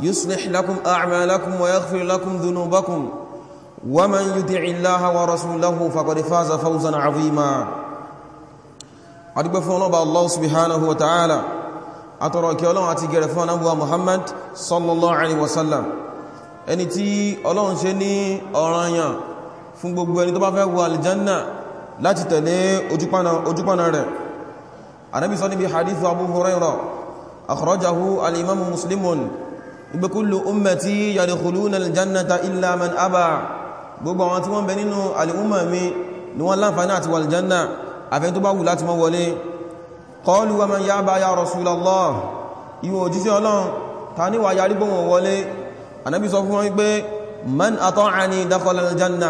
يصلح لكم أعمالكم ويغفر لكم ذنوبكم ومن يطع الله ورسوله فقد فاز فوزا عظيما أدب فنبا الله سبحانه وتعالى أترك الله أتجر فنبا محمد صلى الله عليه وسلم ẹni tí ọlọ́run ṣe ní ọ̀ranyàn fún gbogbo ẹni tó bá fẹ́ wọ alìjánà láti tẹ̀lé ojúpánà rẹ̀ anábìsọ́ níbi hadithu abu hurairah akhrajahu al-imamu muslimun ìgbé kullu ummati yadkhuluna aljannata illa man aba gbogbo àwọn tí wọ́n bẹ nínú alìmúmà mi ni wọ́n láǹfàní àti wàljanna àfẹ́ tó bá wù láti mọ́ wọlé qalu wa man yaba ya rasulallah ìwò òjíṣẹ́ ọlọ́run ta ní wà yarí gbọ́n wọlé anábí sọ fún wọn pé man ata'ani dakhala aljanna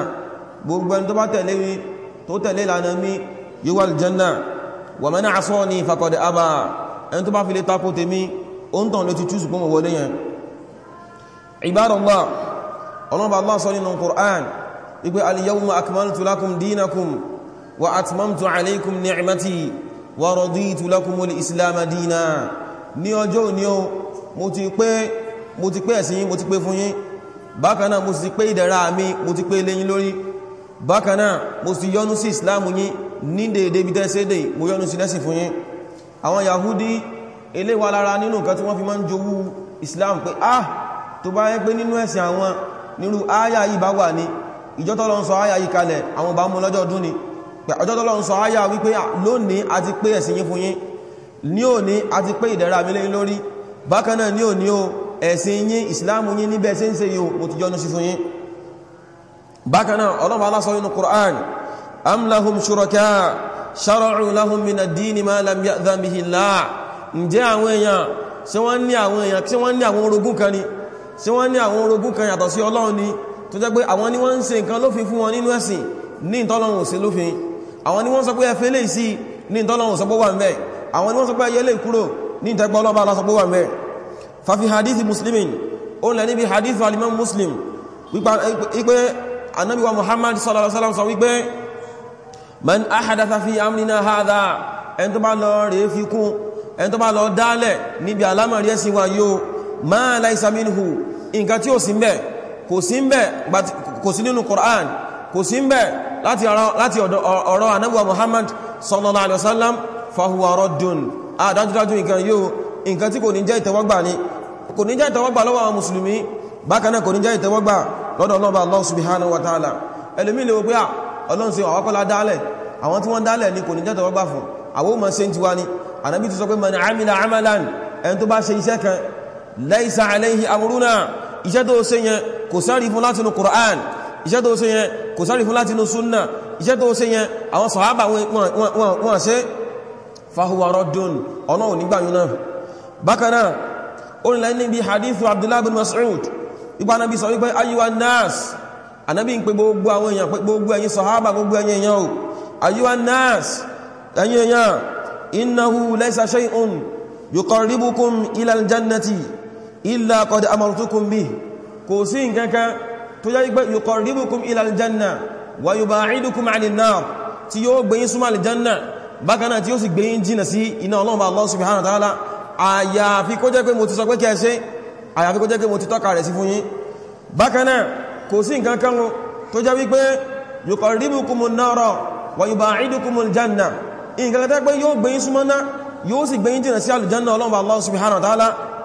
gbogbo ẹni tó ń tàn ló ti túsù gbọ́n wọlé yẹn ibadallah ọlọ́ba allah sọ nínú Qur'an wípé al-yawma akmaltu lakum dinakum wa atmamtu alaykum ni'mati wa raditu lakum al-islam dina ní ọjọ́ òní o mo ti pé mo ti pé ẹ̀sìn mo ti pé fún yín bákan náà mo ti pé ìdẹ̀ra mi mo ti pé lẹ́yìn lórí bákan náà mo ti yọ́nú sí islam yín ní dèédé bí tẹ́sẹ́dẹ̀ mo yọ́nú sí lẹ́sìn fún yín àwọn yahudi eléwà lára nínú nǹkan tí wọ́n fi máa ń jowú islam pé ah tó bá yẹ pé nínú ẹ̀sìn àwọn nírú áyà yìí bá wà ní ìjọ́tọ́lọ́ ń sọ áyà yìí kalẹ̀ àwọn bá mú lọ́jọ́ ọdún ni ọjọ́tọ́lọ́ ń sọ áyà wípé lónìí a ti pé ẹ̀sìn yín fún yín ní òní a ti pé ìdẹ̀ra mi lẹ́yìn lórí bákan náà ní òní o ẹ̀sìn yín ìsìláàmù yín níbẹ̀ sí ń ṣe yóò mo ti yọ́nú ní sí wọ́n ní àwọn orogún kan yàtọ̀ sí ọlọ́run ni tó jẹ́ pé àwọn ni wọ́n ń ṣe nǹkan lófin fún wọn nínú ẹ̀sìn ní ìtọ́lọ́run òsìn lófin àwọn ni wọ́n sọ pé ẹfẹ́ lè sí ní ìtọ́lọ́run òsọ́pọ̀ wà mẹ́ àwọn ni wọ́n sọ pé ẹyẹ lè kúrò ní ìtẹ́gbọ́ ọlọ́ba alásọpọ̀ muhammad sallallahu alaihi wasallam sọ wípé man ahadatha fi amrina hadha ẹni tó bá lọ rèé fi kún ẹni tó bá lọ dálẹ̀ níbi alámọ̀rí ma laysa minhu nǹkan tí ó sì ńbẹ̀ kò sí ńbẹ̀ kò sí nínú Qur'an kò sí ńbẹ̀ láti ọ̀rọ̀ anábuwa Muhammad sallallahu alaihi wasallam fahuwa raddun a dájúdájú nǹkan yóò nǹkan tí kò ní jẹ́ ìtẹ́wọ́gbà ni kò ní jẹ́ ìtẹ́wọ́gbà lọ́wọ́ àwọn mùsùlùmí bákan kò ní jẹ́ ìtẹ́wọ́gbà lọ́dọ̀ ọlọ́ba Allah subhanahu wa ta'ala ẹlòmí lè wọ́pẹ́ Ọlọ́run sí àwọ́kọ́lá dálẹ̀ àwọn tí wọ́n dálẹ̀ ní kò ní jẹ́ ìtẹ́wọ́gbà fún amila amalan ẹni tó bá láìsà aláìhì amúrúnà iṣẹ́ tó ṣe yẹn kò sáàrí fún látinú Qur'an iṣẹ́ tó ṣe yẹn kò sáàrí fún látinú súnnà iṣẹ́ tó ṣe yẹn àwọn sàhábà wọ́n ṣe fahuwa raddun ọ̀nà onígbàyún náà bákanáà orílẹ̀ níbi hadithu Abdullah bin Mas'ud ipa nabi sọ wípé ayuwa nas anabi ń pe gbogbo àwọn èèyàn pé gbogbo ẹ̀yin sọ̀hábà gbogbo ẹ̀yin èèyàn o ayuwa nas ẹ̀yin èèyàn innahu laysa shay'un yuqarribukum ila aljannati illa qad amartukum bih kò sí nǹkankan tó yá wípé yuqarribukum ila aljanna wa yuba'idukum 'anil nar tí yóò gbẹ̀yìn súnmọ́ aljanna bákan náà tí yóò sì gbẹ̀yìn jìnà sí iná ọlọ́run Allah subhanahu wa ta'ala àyàfi kó jẹ́ pé mo ti sọ pé kí ẹ ṣe àyàfi kó jẹ́ pé mo ti tọ́ka rẹ̀ sí fún yín bákan náà kò sí nǹkankan yóò sì gbẹ̀yìn jìnà sí aljanna ọlọ́run Allah subhanahu wa ta'ala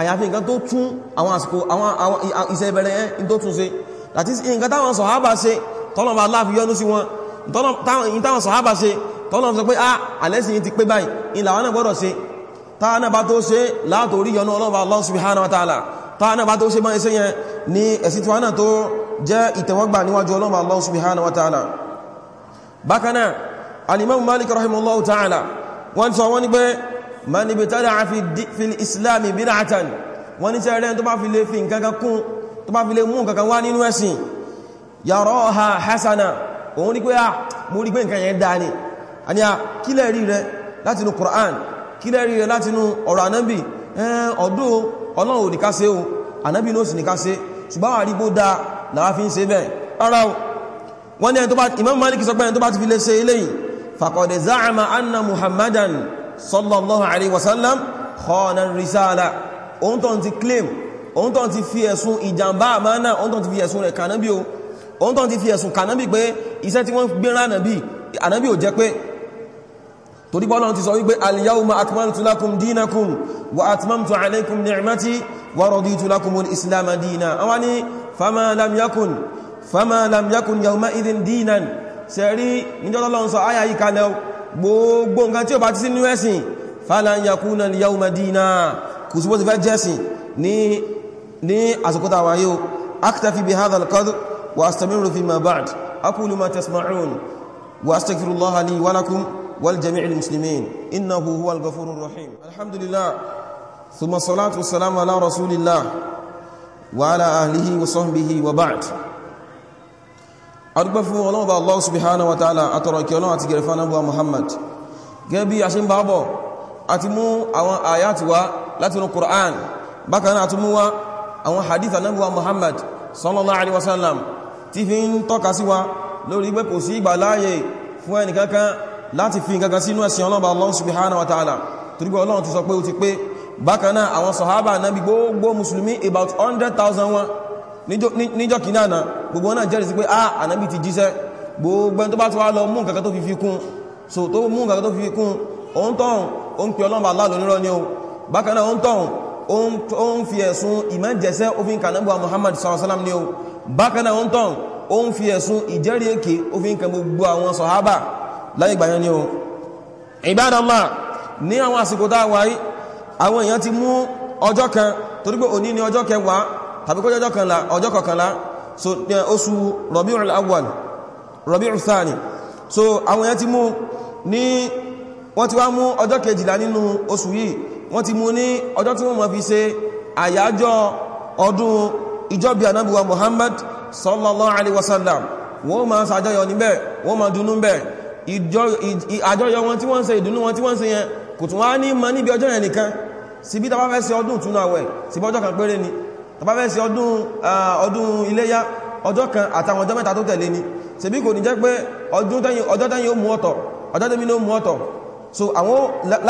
àyàfi nǹkan tó tún àwọn àsìkò àwọn iṣẹ́ ìbẹ̀rẹ̀ yẹn tó tún ṣe that is nǹkan táwọn sọ̀hábà ṣe tọ́lọ̀mà aláàfi yọ́nú sí wọn táwọn sọ̀hábà ṣe tọ́lọ̀mà sọ pé ah alẹ́sìn ti pé báyìí ìlàwọn náà gbọ́dọ̀ ṣe táwọn náà bá tó ṣe látòrí yọ́nú ọlọ́ba Allah subhanahu wa ta'ala táwọn náà bá tó ṣe mọ́ iṣẹ́ yẹn ni ẹ̀sìn tí wọn náà tó jẹ́ ìtẹ̀wọ́gbà níwájú ọlọ́ba Allah subhanahu wa ta'ala bákan náà al-Imam Malik man ibtada'a fi islam bid'atan wọ́n ní sẹ́rẹ́ tó bá fi lè fi nǹkan kún tó bá fi lè mú nǹkan wá nínú ẹ̀sìn yaraha hasana òun ní pé à ah, mú rí pé nǹkan yẹn dáa ni a ní à ah, kílẹ̀ rí rẹ látinú Qur'an kílẹ̀ rí rẹ látinú ọ̀rọ̀ anábì ọ̀dọ́ ọlọ́run ní ká ṣe o anábì ló sì ní ká ṣe o sallallahu alaihi wasallam khana risala ohun tó ń ti claim ohun tó ń ti fi ẹ̀sùn ìjàmbá àmánà ohun tó ń ti fi ẹ̀sùn rẹ̀ kànábí o ohun tó ń ti fi ẹ̀sùn kànábí pé iṣẹ́ tí wọ́n gbéra ànábí ànábí ò jẹ́ pé torí pé Ọlọ́run ti sọ wípé al-yawma akmaltu lakum dinakum wa atmamtu alaykum ni'mati wa raditu lakum al-islama dina àwọn fama lam yakun fama lam yakun yawma idhin dinan sẹ́rí níjọ́lọ́lọ́run sọ ayayi kalẹ̀ gbogbo nǹkan tí ó bá ti sí nínú ẹ̀sìn falan yakuna al-yawma dina kò sí bó ti fẹ́ jẹ́sìn ní àsìkòtà wáyé o aktafi bi hadha al-qadr wa astamiru fi ma ba'd ma tasma'un wa astaghfirullaha li wa lakum wal jami'il muslimin innahu huwal ghafurur rahim alhamdulillah thumma salatu wassalamu ala rasulillah wa ala ahlihi wa sahbihi wa ba'd adúgbẹ́ fún ọlọ́run bá Allah subhanahu wa ta'ala àtọ̀rọ̀ kí ọlọ́run àti gẹ̀rẹ̀fà náà Muhammad gẹ́gẹ́ bí a ṣe ń bá bọ̀ àti mú àwọn àyàtì wá láti inú Qur'an bákan náà àti mú wá àwọn hadith anábuwa Muhammad sallallahu alaihi wasallam ti fi ń tọ́ka sí wa lórí pé kò sí ìgbà láàyè fún ta'ala torí pé ti sọ pé ó ti pé bákan náà sahaba nabi gbogbo musulmi about 100,000 wọn níjọ́ kìí náà gbogbo náà jẹ́rìí sí pé ah ànábì ti jíṣẹ́ gbogbo tó bá ti wá lọ mú nǹkan tó fi fi kún so tó mú nǹkan tó fi fi kún òun tọ́hun ó ń pè ọlọ́mà aláàlọ́ nírọ́ ní o bákan náà òun tọ́hun ó ń fi ẹ̀sùn ìmẹ́jẹsẹ́ òfin kanáàbùwa Muhammad sallallahu ní o bákan náà òun tọ́hun ó ń fi ẹ̀sùn ìjẹ́rìí èké òfin kan gbogbo àwọn sọ̀hábà láyé ìgbàyàn ní o Ibadallah ní àwọn àsìkò tá a wáyé àwọn èèyàn ti mú ọjọ́ kan torípé òní ni ọjọ́ kẹwàá tàbí kó jẹ́ ọjọ́ kọkànlá so oṣù Rabi'ul Awwal Rabi'ul Thani so àwọn yẹn ti mú ní wọ́n ti wá mú ọjọ́ kejìlá nínú oṣù yìí wọ́n ti mú ní ọjọ́ tí wọ́n mọ̀ fi ṣe àyájọ́ ọdún ìjọbi anábíwa Muhammad sallallahu alaihi wasallam wọ́n ma ṣàjọyọ̀ níbẹ̀ wọ́n ma dunú bẹ̀ àjọyọ̀ wọn tí wọ́n ṣe ìdùnnú wọn tí wọ́n ṣe yẹn kò tún wá ní ma níbi ọjọ́ yẹn nìkan síbí tàbá fẹ́ ṣe ọdún ni tàbá fẹ́ sí ọdún iléyá ọjọ́ kan àtàwọn ọjọ́ mẹ́ta tó tẹ̀lé ni ṣebí kò ní jẹ́ pé ọjọ́ tẹ́yìn ó mú ọ̀tọ̀ ọjọ́ tẹ́mi ló mú ọ̀tọ̀ so àwọn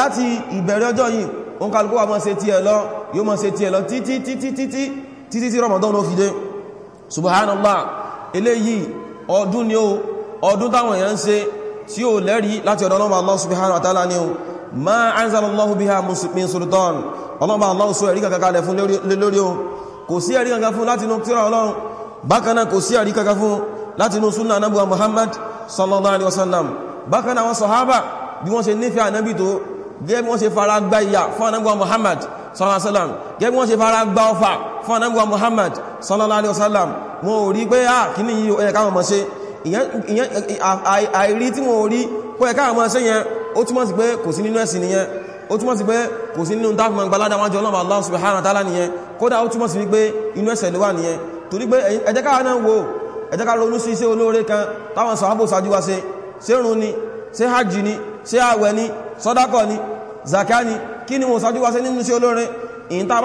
láti ìbẹ̀rẹ̀ ọjọ́ yìí òun kálukú wa máa ṣe tiẹ̀ lọ yóò máa ṣe tiẹ̀ lọ títí títí títí títí tí Ramadan ó fi dé subhanallah eléyìí ọdún ni ó ọdún táwọn èèyàn ń ṣe tí ó lẹ́rí láti ọ̀dọ̀ ọlọ́mà Allah subhanahu wa ta'ala ni ó ma anzalallahu biha min sultan fún lórí ohun kò sí ẹ̀rí kankan fún látinú tírà Ọlọ́run bákan náà kò sí ẹ̀rí kankan fún látinú súnà anábùwa Muhammad sallallahu alaihi wasallam bákan náà wọn sọ̀hábà bí wọ́n ṣe nífẹ̀ẹ́ anábì tó gẹ́gẹ́ bí wọ́n ṣe fara gba Muhammad sallallahu alaihi wasallam gẹ́gẹ́ bí wọ́n ṣe fara gba ọfà Muhammad sallallahu alaihi wasallam wọn ò rí pé à kí ní yíò ẹ̀ka wọn mọ̀ ṣe àìrí tí wọn ò rí pé ẹ̀ka wọn mọ̀ ṣe yẹn ó túmọ̀ sí pé kò sí nínú ẹ̀sìn nìyẹn ó túmọ̀ sí pé kò sí nínú dákùnmọ̀ gbaládà ọlọ́mà Allah subhanahu wa ta'ala nìyẹn kódà ó túmọ̀ sí wípé inú ẹ̀ṣẹ̀ ló wà nìyẹn torí pé ẹ jẹ́ ká náà wo ẹ jẹ́ ká ronú sí iṣẹ́ olóore kan táwọn sàhábò ṣáájú wa ṣe ṣé run ni ṣé hajj ni ṣé àwẹ̀ ni sọ́dákọ̀ ni zaka ni kí ni wọ́n ṣáájú wa nínú iṣẹ́ olóore ìyíntà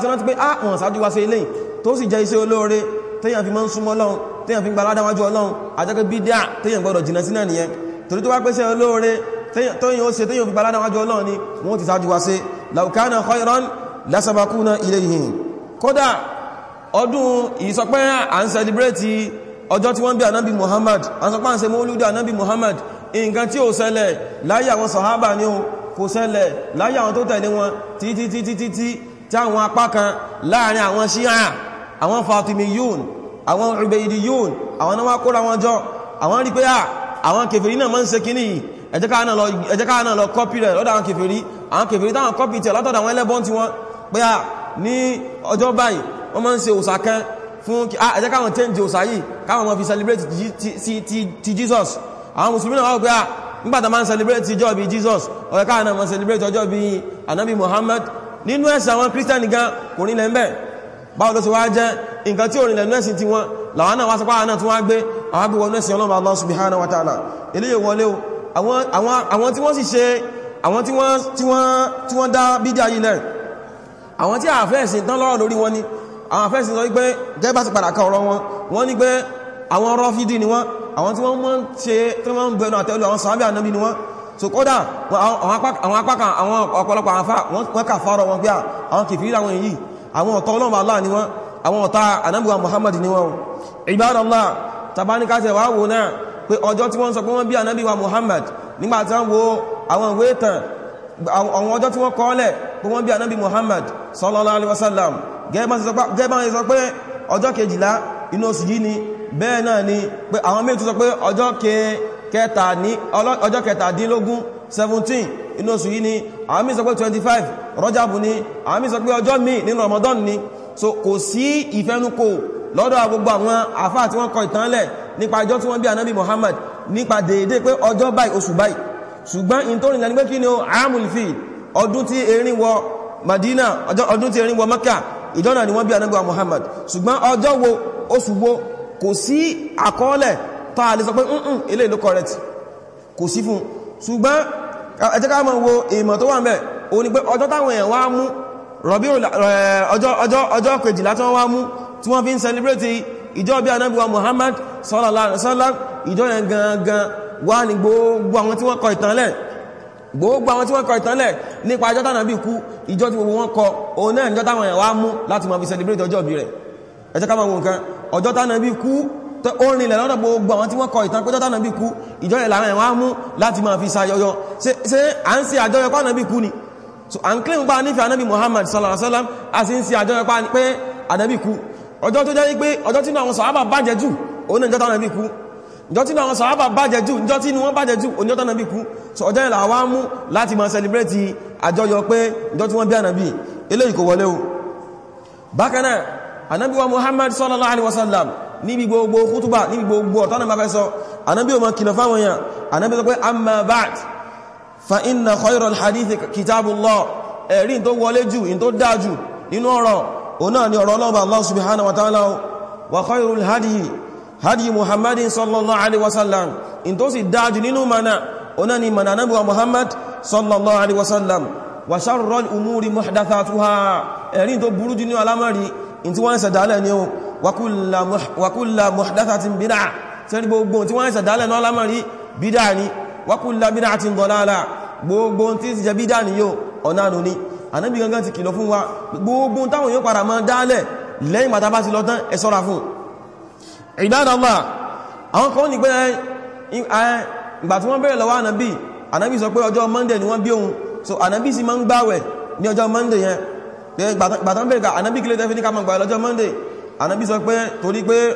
ti rántí pé ah wọ́n ṣáájú wa ṣe eléyìí tó sì jẹ́ iṣẹ́ olóore téèyàn fi máa ń súnmọ́ Ọlọ́run téèyàn fi ń gba aládáwájú Ọlọ́run àjẹ́kẹ́ bídíà téèyàn gbọ́dọ̀ jìnà sí náà nìyẹn torí tó wá pèsè olóore téèyàn ó ṣe téèyàn fi gba aládáwájú Ọlọ́run ni wọ́n ti ṣáájú wa lásàbàkúnà ilayhim kódà ọdún ìsọpẹ́ à ń sẹlẹ̀bẹ̀rẹ̀tì ọjọ́ tí wọ́n bí anábi Muhammad asọpá ń ṣe mọ́lúdí anábi Muhammad nǹkan tí ó ṣẹlẹ̀ láyé àwọn sàhábà ní o kò ṣẹlẹ̀ láyé àwọn tó tẹ̀lé wọn títítítítí tí àwọn apá kan láàrin àwọn Ṣíà àwọn Fatimiyun àwọn Ubaidiyun àwọn náà wá kóra wọn jọ àwọn rí pé à àwọn kèfèrí náà máa ń ṣe kíní ẹjẹ́ká náà lọ kọ́pì rẹ̀ lọ́dọ̀ àwọn kèfèrí àwọn kèfèrí táwọn kọ́pì tẹ̀ látọ̀dọ̀ àwọn ẹlẹ́bọ́n ti wọn pé à ah, ní ọjọ́ báyìí wọ́n máa ń ṣe òsà kan fún ah, ẹ jẹ́ káwọn tẹ́ǹjẹ òsà yìí káwọn máa fi celebrate ti Jesus àwọn mùsùlùmí náà wọ́n pé à ah, nígbàtà máa ń celebrate ọjọ́ bí Jesus ó yẹ káwọn náà máa celebrate ọjọ́ bí anabi Muhammad nínú ẹ̀sìn àwọn Christian gan kò ní lẹ́m̀bẹ̀ báwo ló ti wá jẹ́ nǹkan tí ò ní lẹ́nu ẹ̀sìn ti wọn làwọn náà wá sọpá àwọn náà tún wá gbé àwọn agbègbè ọ̀nà ẹ̀sìn Ọlọ́run Allah subhanahu wa ta'ala eléyè wọlé o àwọn tí wọ́n sì ṣe àwọn tí wọ́n dá bídí ayílẹ̀ àwọn tí àfẹ́ẹ̀sìn tán lọ́rọ̀ lórí wọn ni àwọn àfẹ́ẹ̀sìn sọ wípé gẹ́bà ti padà ká ọ̀rọ̀ wọn wọ́n ní pé àwọn rọ́fídì ni wọ́n àwọn tí wọ́n mọ́ ń ṣe tí wọ́n ń bẹnu àtẹ́lù àwọn sàábì ànábì ni wọ́n so kódà àwọn apákan àwọn ọ̀pọ̀lọpọ̀ àfá wọ́n kà fárọ wọn pé àwọn kìfìrí àwọn èyí àwọn ọ̀tá ọlọ́mà aláà ni wọ́n àwọn ọ̀tá ànábì wa Muhammad ni wọ́n ibadallah tabanikasẹ̀ wà wò náà pé ọjọ́ tí wọ́n sọ pé wọ́n bí ànábì wa Muhammad nígbàtí wọ́n wo àwọn ìwé ìtàn àwọn ọjọ́ tí wọ́n kọ́ọ́lẹ̀ bí wọ́n bí anábi Muhammad sallallahu alaihi wasallam gẹ́gbà sọ pé ọjọ́ kejìlá inú oṣù yìí ni bẹ́ẹ̀ náà ni pé àwọn méjì sọ pé ọjọ́ kẹtàdínlógún 17 inú oṣù yìí ni àwọn méjì sọ pé 25 Rajabu ni àwọn méjì sọ pé ọjọ́ míì nínú Ramadan ni so kò sí ìfẹnukò lọ́dọ̀ gbogbo àwọn àfáà tí wọ́n kọ ìtànlẹ̀ nípa ọjọ́ tí wọ́n bí anábi Muhammad nípa déédé pé ọjọ́ báyìí oṣù báyìí ṣùgbọ́n ìntọ́nìlẹ̀ ní pé ọdún tí erin wọ Madina ọdún tí erin wọ Maka na ni wọ́n bí anágbà Muhammad ṣùgbọ́n ọjọ́ wo oṣù wo kò sí àkọọ́lẹ̀ táà lè sọ pé ǹkan ilé ìlú correct kò sí fún ṣùgbọ́n wo ìmọ̀ tó wà ń bẹ ní pé ọjọ́ táwọn èèyàn wá mú wọ́n fi ìjọ́ yẹn gangan wá ní gbogbo àwọn gbogbo àwọn tí wọ́n kọ ìtànlẹ̀ nípa ọjọ́ tánà bí kú ìjọ tí gbogbo wọn kọ òun náà ìjọ táwọn ẹ̀wà mú láti máa fi celebrate ọjọ́ bí rẹ̀ ẹ jẹ́ ká máa wo nǹkan ọjọ́ tánà bí kú ó rìnlẹ̀ lọ́nà gbogbo àwọn tí wọ́n kọ ìtàn pẹ́jọ́ tánà bí kú ìjọ rẹ̀ làwọn ẹ̀wà mú láti máa fi ṣayọyọ ṣe à ń ṣe àjọyọ̀ pánà bí kú ni so à ń claim pa nífẹ̀ẹ́ anábì Muhammad sallallahu alaihi wasallam a sì ń ṣe àjọyọ̀ pé anábì kú ọjọ́ tó jẹ́ wípé ọjọ́ tí àwọn sàhábà bàjẹ́ jù òun ìjọtínú àwọn sàábà bàjẹ́ jù ìjọtínú wọn bàjẹ́ jù oníjọ́tà nàbí kú so ọjọ́ ìlà wá mú láti máa sẹlẹ̀bẹ̀rẹ̀tì àjọyọ̀ pé ìjọtí wọ́n bí ànàbí eléyìí kò wọlé o bákanáà ànábì wa Muhammad sallallahu alaihi wasallam níbi gbogbo kútùbà níbi gbogbo ọ̀tọ́nà bá fẹ́ sọ ànábì o ma kìlọ̀ fáwọn èèyàn ànábì sọ pé amma ba'd fa inna khayral hadith kitabullah ẹ̀rí tó wọlé jù in tó dáa jù nínú ọ̀rọ̀ wa ta'ala hadi muhammadin sallallahu alaihi wasallam in tó sì dájú nínú mana onani mana nabi wa muhammad sallallahu alaihi wasallam wa sharral umuri muhdathatuha erin tó burú jinu alamari in tí wọ́n ṣe dálẹ̀ ni o wa kullu wa kullu muhdathatin bid'ah ṣe gbogbo tí wọ́n ṣe dálẹ̀ no alamari bid'ah wa kullu bid'atin dalala gbogbo tí ṣe bid'ah yo ọ̀nà nu ni Ànábì gangan tí kìlọ̀ fún wa gbogbo táwọn yo para ma dálẹ̀ lẹ́yìn bá tá bá sì lọ tán ẹ ṣọ́ra ìdádàlá àwọn kan ní pé eh, eh, ìgbà tí wọ́n bẹ̀rẹ̀ lọ́wọ́ ànábì ànábì sọ pé ọjọ́ monday ni wọ́n bí òun so ànábì sì ma ń jọ ní ọjọ́ monday yẹn gbàtán bẹ̀rẹ̀ ká ànábì kílẹ̀ tẹ́fẹ́ ní ká máa gbàwẹ̀ lọ́jọ́ monday ànábì sọ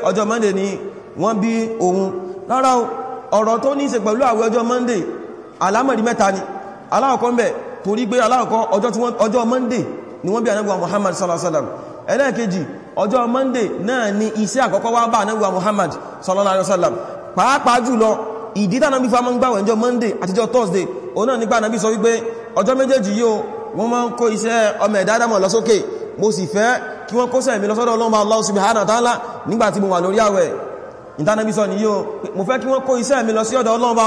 ọjọ́ monday ni wọ́n bí òun rárá ọ̀rọ̀ tó ní í ṣe pẹ̀lú àwẹ̀ ni ni ọjọ́ monday náà ni iṣẹ́ àkọ́kọ́ wá bá anáwà muhammad sallallahu alaihi wasallam pàápàá jùlọ ìdí tánà bí fáwọn gbàwẹ̀ ọjọ́ monday àtijọ́ thursday òun náà nípa anábí sọ wípé ọjọ́ méjèèjì yóò wọ́n máa ń kó iṣẹ́ ọmọ ẹ̀dá Ádámọ̀ lọ mo sì fẹ́ kí wọ́n kó sẹ́ mi lọ́sọ́dọ̀ ọlọ́mọ Allah subhanahu wa ta'ala nígbàtí mo wà lórí àwẹ̀ ìtànàbí sọ nìyí o mo fẹ́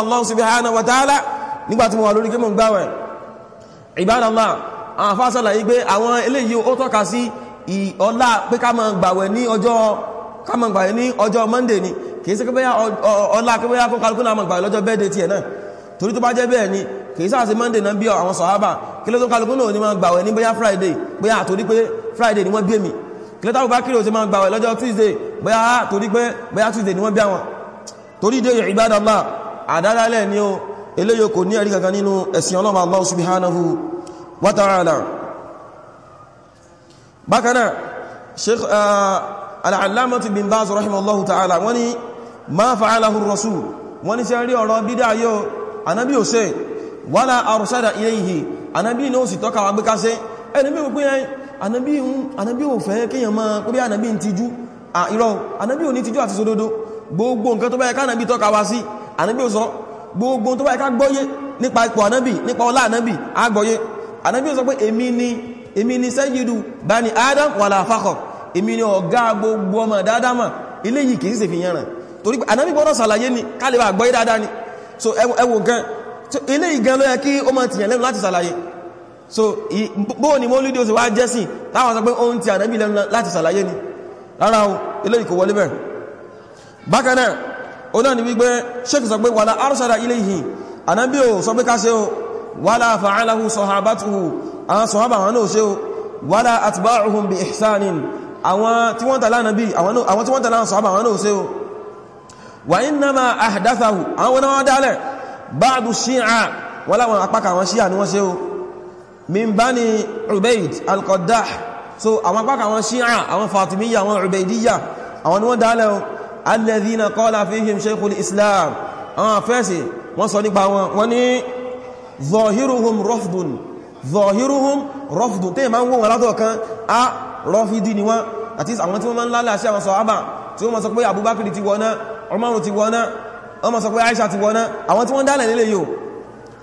Allah subhanahu wa ta'ala nígbàtí mo wà lórí gẹ́mọ̀ gbáwẹ̀ Ibadallah àwọn afásàlàyé gbé àwọn eléyìí ọlá pé ká máa gbàwẹ̀ ní ọjọ́ ká máa gbàwẹ̀ ní ọjọ́ Monday ni kìí sí pé ọlá pé bóyá kó kálukú náà máa gbàwẹ̀ lọ́jọ́ bẹ́ẹ̀dẹ̀ tiẹ̀ náà torí tó bá jẹ́ bẹ́ẹ̀ ni kìí sáà sí Monday náà bí àwọn sọ̀hábà kí tó kálukú ní máa gbàwẹ̀ ní bóyá Friday bóyá àtorí pé Friday ni wọ́n bí èmi kí ló táwọn bá kírò sí máa gbàwẹ̀ lọ́jọ́ Tuesday bóyá ah, torí pé bóyá Tuesday ni wọ́n bí àwọn torí dé ìbádàlá àdádálẹ̀ ni ó Allah subhanahu wa ta'ala bákaná sheikh uh, al'allamatu bin baz rahimallahu ta'ala wani ma fa'alahu rasul wani ṣe rí ọ̀rọ̀ bídá yóò anábí ò ṣe wala arṣada ilayhi anábí ní ó sì tọ́ka agbéká ṣe ẹnibí wípé anábí ò fẹ́ kíyàn máa kó bí anábí ń tijú ìrọ̀ anábí ò ní tijú àti sódódó gbogbo nǹkan tó bá yẹ ká anábí tọ́ka wá sí anábí ò sọ gbogbo gbọ́yé nípa ipò anábí nípa ọlá anábí agbọ́yé anábí ò sọ pé èmi ni èmi ni sayyidu bani adam wala fakhar èmi ni ọ̀gá gbogbo ọmọ dáadáma ilé yìí kìí ṣe fi yànràn torí pé ànábì gbọ́dọ̀ sàlàyé ní kálíbà gbọ́ dáadáa ni so ẹwọ gan so ilé ìgan ló yẹ kí ó so bóò ni mọ́lídé ó sì wá jẹ́ sí táwọn sọ pé ó ń ti ànábì lẹ́nu láti sàlàyé ni ni wípé sheik sọ pé wàlá arsada ilayhi ànábì ò sọ pé ká ṣe o àwọn sọ̀hábà àwọn náà ṣe o wala atba'uhum bi ihsanin àwọn tí wọ́n tàlá nàbí àwọn tí wọ́n tàlá sọ̀hábà àwọn náà ṣe o wa innama ahdathahu àwọn náà dálẹ̀ àwọn shi'a wọ́n dálẹ̀ o alladhina qala fihim shaykhul islam àwọn afẹ́sì wọ́n sọ nípa wọn wọ́n ní zahiruhum zọ̀hírúhùn rọ́fùdù tí ma ń wọ́n aládọ̀ kan a rọ́fìdí ni wọ́n àti àwọn tí wọ́n ma ń lálẹ́ àṣẹ àwọn sọ̀hábà tí wọ́n ma sọ pé abubakar ti wọ́ná ọmọrùn ti wọ́ná wọ́n ma sọ pé aisha ti wọ́ná àwọn tí wọ́n dálẹ̀ nílé yóò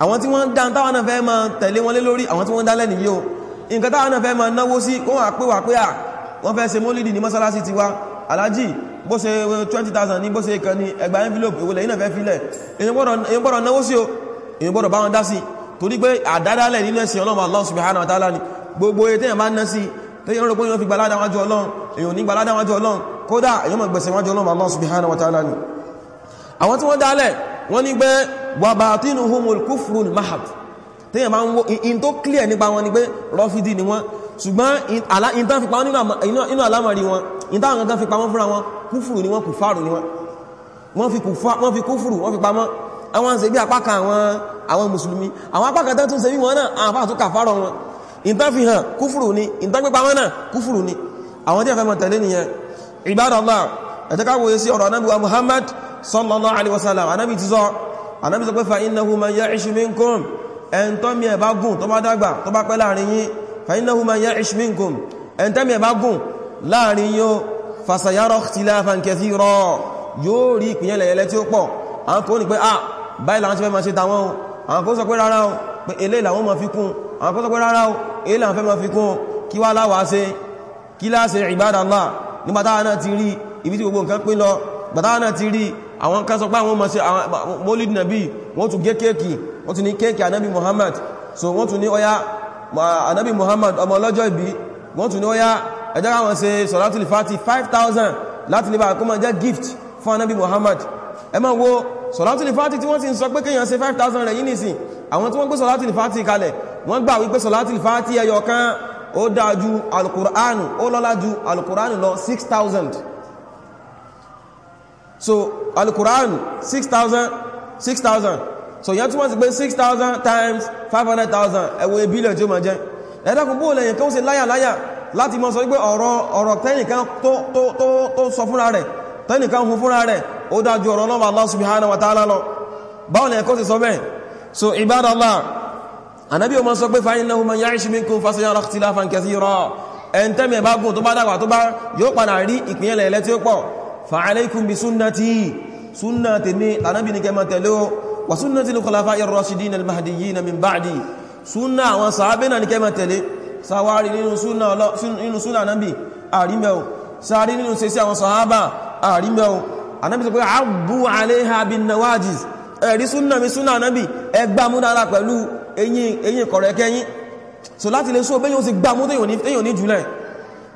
àwọn tí wọ́n dá táwọn náà fẹ́ ma tẹ̀lé wọn lé lórí àwọn tí wọ́n dálẹ̀ nìyí o nǹkan táwọn náà fẹ́ ma náwó sí gbọ́dọ̀ náwó sí o èyí gbọ́dọ̀ bá wọn dá sí torí pé àdádálẹ̀ nínú ẹ̀sìn ọlọ́run Allah subhanahu wa ta'ala ni gbogbo ètẹ́ ẹ̀ máa ń ná sí tẹ́yìn rọ̀pọ̀ yóò fi gbaládáwájú ọlọ́run èyàn ní gbaládáwájú ọlọ́run kódà èyàn mọ̀ gbẹ̀sẹ̀ wájú ọlọ́run Allah subhanahu wa ta'ala ni àwọn tí wọ́n dálẹ̀ wọ́n ní pé wa batinuhumul kufrul mahad tẹ́yìn máa ń wo in tó clear nípa wọn ni pé rọ́fídì ni wọ́n ṣùgbọ́n in tán fi pa inú alámọ̀rí wọn in táwọn kan fi pa wọ́n fúnra kúfùrù wọ́n fi pamọ́ àwọn ṣe bí apá kan àwọn àwọn mùsùlùmí àwọn apákàtà tún ṣe bí wọn náà àwọn apá tún kàfàrọ wọn ìntán fi hàn kúfùrù ni ìntán pípa wọn náà kúfùrù ni àwọn tí a fẹ́ mọ̀ tẹ̀lé nìyẹn Ibadallah ẹ̀tẹ́káwòye sí ọ̀rọ̀ anábíwa Muhammad sallallahu alaihi wasallam anábí ti sọ anábí sọ pé fa innahu man ya'ish minkum ẹn tó àwọn kò ní pé ah báyìí láwọn ti fẹ́ ma ṣe tàwọn àwọn kan sọ pé rárá o pé eléyìí làwọn máa fi kún àwọn kan sọ pé rárá o eléyìí làwọn fẹ́ máa fi kún kí wá láwàá ṣe kí láṣe ìbádàlá nígbàtá náà ti rí ibi tí gbogbo nǹkan pín lọ gbàtá náà ti rí àwọn kan sọ pé àwọn máa ṣe mólid nàbí wọ́n tún gé kéèkì wọ́n tún ní kéèkì anábì Muhammad so wọ́n tún ní ọya anábì Muhammad ọmọ ọlọ́jọ́ ìbí wọ́n tún ní ọya ẹjọ́ àwọn ṣe sọ̀rọ̀ láti lè fàtí 5000 láti lè bá àkọ́mọ̀ jẹ́ gift fún anábì Muhammad ẹ máa wo sọ̀látùlì fàtì tí wọ́n ti ń sọ pé kéèyàn ṣe 5000 rẹ̀ yìí nìsìn àwọn tí wọ́n gbé sọ̀látùlì fàtì kalẹ̀ wọ́n gbà wípé sọ̀látùlì fàtì ẹyọ kan ó dáa ju alkùránù ó lọ́lá ju alkùránù lọ 6000 so alkùránù 6000 6000 so yẹn túnmọ̀ sí pé 6000 times 500,000 ẹwọ ebílẹ̀ tí ó ma jẹ́ ẹ̀dàkùn bóò lẹ́yìn kan ó ṣe láyàláyà láti mọ́ sọ wípé ọ̀rọ̀ ọ̀rọ̀ tẹ́nìkan tó sọ fúnra rẹ̀ tẹ́nìkan hun fúnra rẹ̀ ó dájú ọ̀rọ̀ náà Allah subhanahu wa ta'ala lọ báwọn ni ẹ̀kọ́ ti sọ bẹ́ẹ̀ so ibadallah anábí o ma sọ pé fa innahu man ya'ish minkum fasayara ikhtilafan kathira ẹntẹ́mẹ̀ bá gùn tó bá dàgbà tó bá yóò padà rí ìpìnyẹ̀lẹ̀ ẹlẹ́ tí ó pọ̀ fa alaykum bi sunnati sunnati ni anábí ni kẹma tẹ̀lé o wa sunnati al-khulafa'ir rashidin anábi sọ pé àbú àléhà bí nawajis ẹ̀rí súnà mi súnà anábi ẹgbà mú dára pẹ̀lú eyín kọ̀rẹ̀kẹ́ yín so láti lè sọ bẹ́yìn ó sì gbà mú téyàn ní jùlẹ̀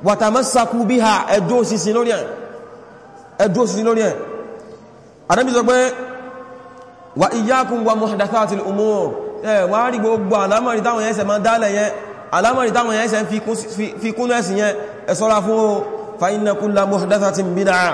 wàtàmọ́sàkú bí ha ẹ̀dọ́ òsìsìn lórí ẹ̀ anábi sọ pé wà iyyakum wa muhdathatil umur ẹ̀ wà rí gbogbo alámọ̀rí táwọn ẹ̀ṣẹ̀ ma dálẹ̀ yẹn alámọ̀rí táwọn ẹ̀ṣẹ̀ fi fa inna kulla muhdathatin bid'ah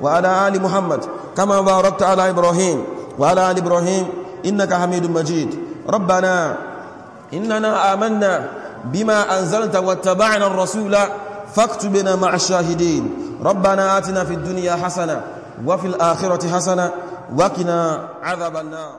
وعلى آل محمد كما باركت على إبراهيم وعلى آل إبراهيم إنك حميد مجيد ربنا إننا آمنا بما أنزلت واتبعنا الرسول فاكتبنا مع الشاهدين ربنا آتنا في الدنيا حسنة وفي الآخرة حسنة وقنا عذاب النار